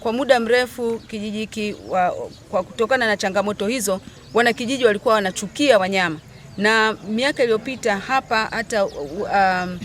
Kwa muda mrefu kijiji hiki kwa kutokana na changamoto hizo, wanakijiji walikuwa wanachukia wanyama, na miaka iliyopita hapa hata um,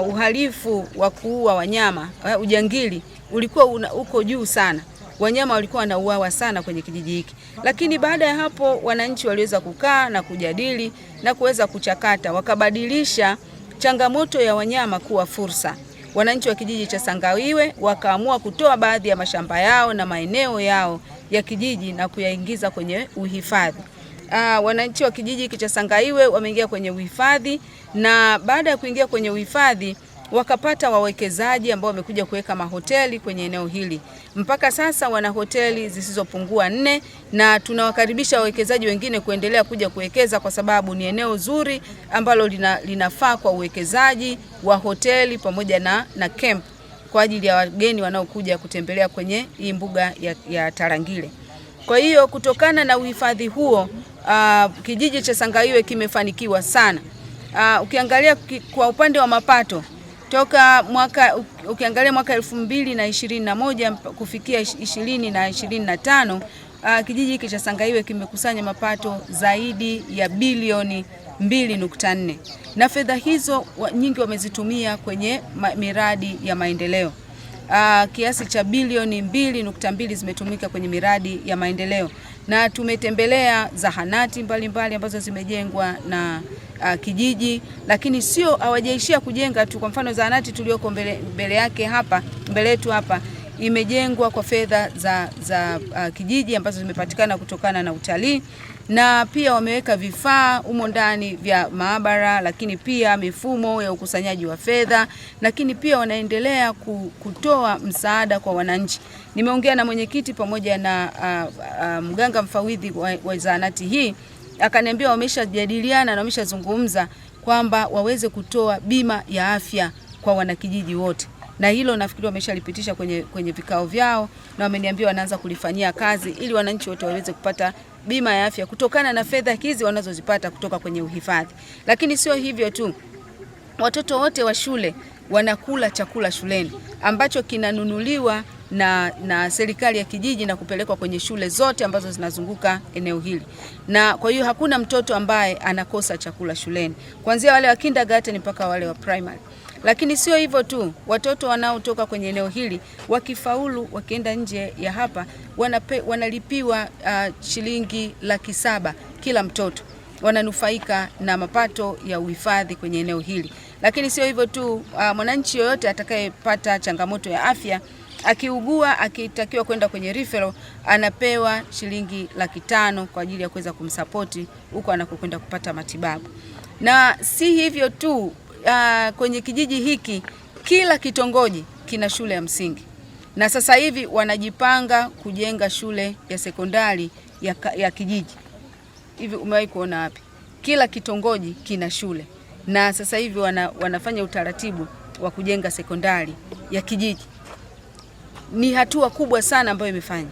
uh, uhalifu wa kuua wanyama uh, ujangili ulikuwa una, uko juu sana, wanyama walikuwa wanauawa sana kwenye kijiji hiki. Lakini baada ya hapo wananchi waliweza kukaa na kujadili na kuweza kuchakata, wakabadilisha changamoto ya wanyama kuwa fursa wananchi wa kijiji cha Sangawiwe wakaamua kutoa baadhi ya mashamba yao na maeneo yao ya kijiji na kuyaingiza kwenye uhifadhi. Uh, wananchi wa kijiji cha Sangawiwe wameingia kwenye uhifadhi na baada ya kuingia kwenye uhifadhi wakapata wawekezaji ambao wamekuja kuweka mahoteli kwenye eneo hili. Mpaka sasa wana hoteli zisizopungua nne, na tunawakaribisha wawekezaji wengine kuendelea kuja kuwekeza kwa sababu ni eneo zuri ambalo lina, linafaa kwa uwekezaji wa hoteli pamoja na, na camp kwa ajili ya wageni wanaokuja kutembelea kwenye hii mbuga ya, ya Tarangire. Kwa hiyo kutokana na uhifadhi huo uh, kijiji cha Sangaiwe kimefanikiwa sana. Uh, ukiangalia kwa upande wa mapato toka mwaka ukiangalia mwaka elfu mbili na ishirini na moja kufikia ishirini na ishirini na tano uh, kijiji hiki cha Sangaiwe kimekusanya mapato zaidi ya bilioni 2.4 na fedha hizo wa, nyingi wamezitumia kwenye ma, miradi ya maendeleo. uh, kiasi cha bilioni 2.2 zimetumika kwenye miradi ya maendeleo na tumetembelea zahanati mbalimbali mbali ambazo zimejengwa na uh, kijiji, lakini sio hawajaishia kujenga tu. Kwa mfano zahanati tuliyoko mbele, mbele yake hapa mbele yetu hapa imejengwa kwa fedha za, za uh, kijiji ambazo zimepatikana kutokana na utalii, na pia wameweka vifaa humo ndani vya maabara, lakini pia mifumo ya ukusanyaji wa fedha, lakini pia wanaendelea kutoa msaada kwa wananchi. Nimeongea na mwenyekiti pamoja na uh, uh, mganga mfawidhi wa, wa zahanati hii akaniambia wameshajadiliana na wameshazungumza kwamba waweze kutoa bima ya afya kwa wanakijiji wote, na hilo nafikiri wameshalipitisha kwenye, kwenye vikao vyao, na wameniambia wanaanza kulifanyia kazi ili wananchi wote waweze kupata bima ya afya kutokana na fedha hizi wanazozipata kutoka kwenye uhifadhi. Lakini sio hivyo tu, watoto wote wa shule wanakula chakula shuleni ambacho kinanunuliwa na, na serikali ya kijiji na kupelekwa kwenye shule zote ambazo zinazunguka eneo hili, na kwa hiyo hakuna mtoto ambaye anakosa chakula shuleni kuanzia wale wa kindergarten mpaka wale wa primary. Lakini sio hivyo tu, watoto wanaotoka kwenye eneo hili wakifaulu, wakienda nje ya hapa wanape, wanalipiwa uh, shilingi laki saba kila mtoto, wananufaika na mapato ya uhifadhi kwenye eneo hili. Lakini sio hivyo tu, uh, mwananchi yoyote atakayepata changamoto ya afya akiugua akitakiwa kwenda kwenye referral anapewa shilingi laki tano kwa ajili ya kuweza kumsapoti huko anakokwenda kupata matibabu. Na si hivyo tu, uh, kwenye kijiji hiki kila kitongoji kina shule ya msingi na sasa hivi wanajipanga kujenga shule ya sekondari ya, ya kijiji. Hivi umewahi kuona wapi? Kila kitongoji kina shule, na sasa hivi wana, wanafanya utaratibu wa kujenga sekondari ya kijiji ni hatua kubwa sana ambayo imefanya